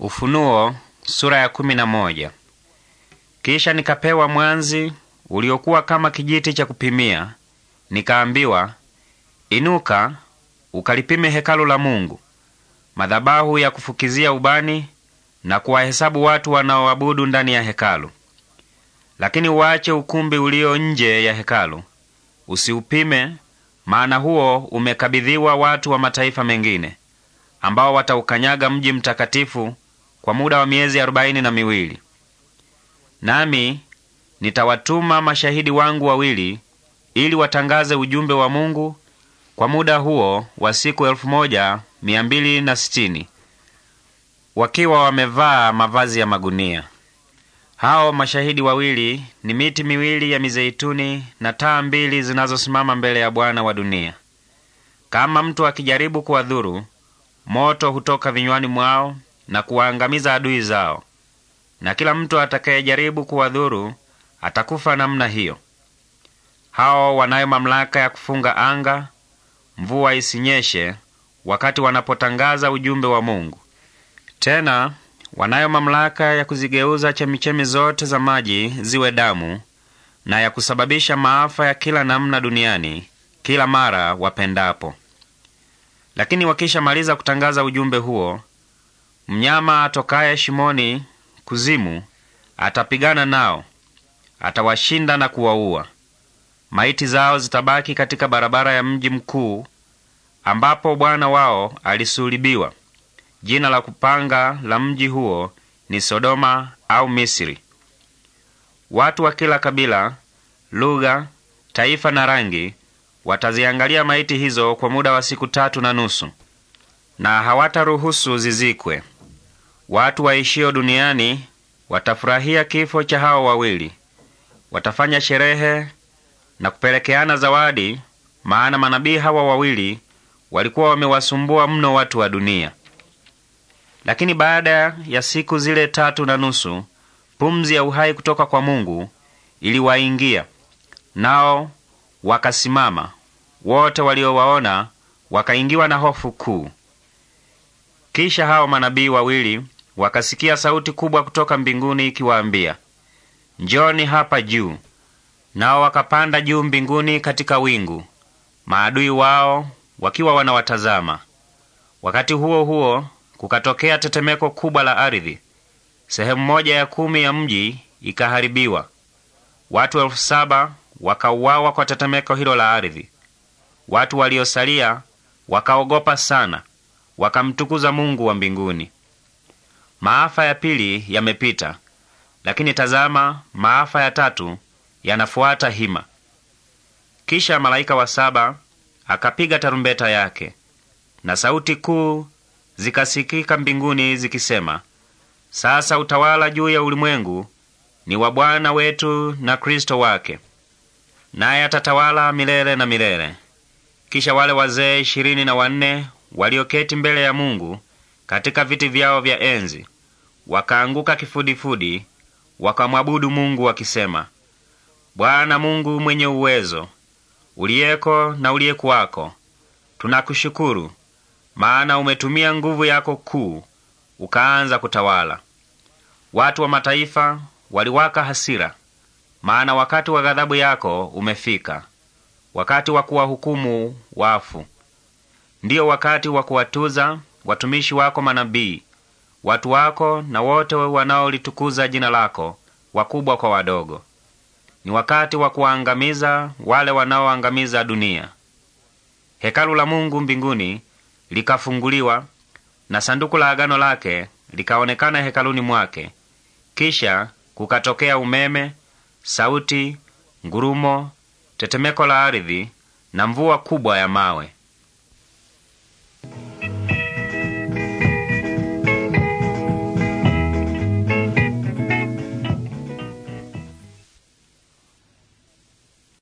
Ufunuo sura ya kumi na moja. Kisha nikapewa mwanzi uliokuwa kama kijiti cha kupimia, nikaambiwa, inuka ukalipime hekalu la Mungu, madhabahu ya kufukizia ubani na kuwahesabu watu wanaoabudu ndani ya hekalu. Lakini uache ukumbi ulio nje ya hekalu, usiupime, maana huo umekabidhiwa watu wa mataifa mengine, ambao wataukanyaga mji mtakatifu kwa muda wa miezi arobaini na miwili. Nami nitawatuma mashahidi wangu wawili ili watangaze ujumbe wa Mungu kwa muda huo wa siku elfu moja mia mbili na sitini wakiwa wamevaa mavazi ya magunia. Hao mashahidi wawili ni miti miwili ya mizeituni na taa mbili zinazosimama mbele ya Bwana wa dunia. Kama mtu akijaribu kuwadhuru, moto hutoka vinywani mwao na kuwaangamiza adui zao, na kila mtu atakayejaribu kuwadhuru atakufa namna hiyo. Hao wanayo mamlaka ya kufunga anga, mvua isinyeshe wakati wanapotangaza ujumbe wa Mungu. Tena wanayo mamlaka ya kuzigeuza chemichemi zote za maji ziwe damu na ya kusababisha maafa ya kila namna duniani kila mara wapendapo. Lakini wakishamaliza kutangaza ujumbe huo, Mnyama atokaye shimoni kuzimu atapigana nao, atawashinda na kuwaua. Maiti zao zitabaki katika barabara ya mji mkuu, ambapo Bwana wao alisulibiwa. Jina la kupanga la mji huo ni Sodoma au Misri. Watu wa kila kabila, lugha, taifa na rangi wataziangalia maiti hizo kwa muda wa siku tatu na nusu, na hawataruhusu zizikwe. Watu waishio duniani watafurahia kifo cha hao wawili, watafanya sherehe na kupelekeana zawadi, maana manabii hawa wawili walikuwa wamewasumbua mno watu wa dunia. Lakini baada ya siku zile tatu na nusu, pumzi ya uhai kutoka kwa Mungu iliwaingia, nao wakasimama wote waliowaona, wakaingiwa na hofu kuu. Kisha hao manabii wawili wakasikia sauti kubwa kutoka mbinguni ikiwaambia, njoni hapa juu. Nao wakapanda juu mbinguni katika wingu, maadui wao wakiwa wanawatazama. Wakati huo huo kukatokea tetemeko kubwa la ardhi. Sehemu moja ya kumi ya mji ikaharibiwa. Watu elfu saba wakauawa kwa tetemeko hilo la ardhi. Watu waliosalia wakaogopa sana, wakamtukuza Mungu wa mbinguni. Maafa ya pili yamepita, lakini tazama, maafa ya tatu yanafuata hima. Kisha malaika wa saba akapiga tarumbeta yake, na sauti kuu zikasikika mbinguni zikisema, sasa utawala juu ya ulimwengu ni wa Bwana wetu na Kristo wake, naye atatawala milele na milele. Kisha wale wazee ishirini na wanne walioketi mbele ya Mungu katika viti vyao vya enzi Wakaanguka kifudifudi, wakamwabudu Mungu wakisema, Bwana Mungu mwenye uwezo, uliyeko na uliyekuwako, tunakushukuru maana umetumia nguvu yako kuu ukaanza kutawala. Watu wa mataifa waliwaka hasira, maana wakati wa ghadhabu yako umefika, wakati wa kuwahukumu wafu, ndiyo wakati wa kuwatuza watumishi wako manabii watu wako na wote wanaolitukuza jina lako, wakubwa kwa wadogo. Ni wakati wa kuwaangamiza wale wanaoangamiza dunia. Hekalu la Mungu mbinguni likafunguliwa na sanduku la agano lake likaonekana hekaluni mwake. Kisha kukatokea umeme, sauti, ngurumo, tetemeko la ardhi na mvua kubwa ya mawe.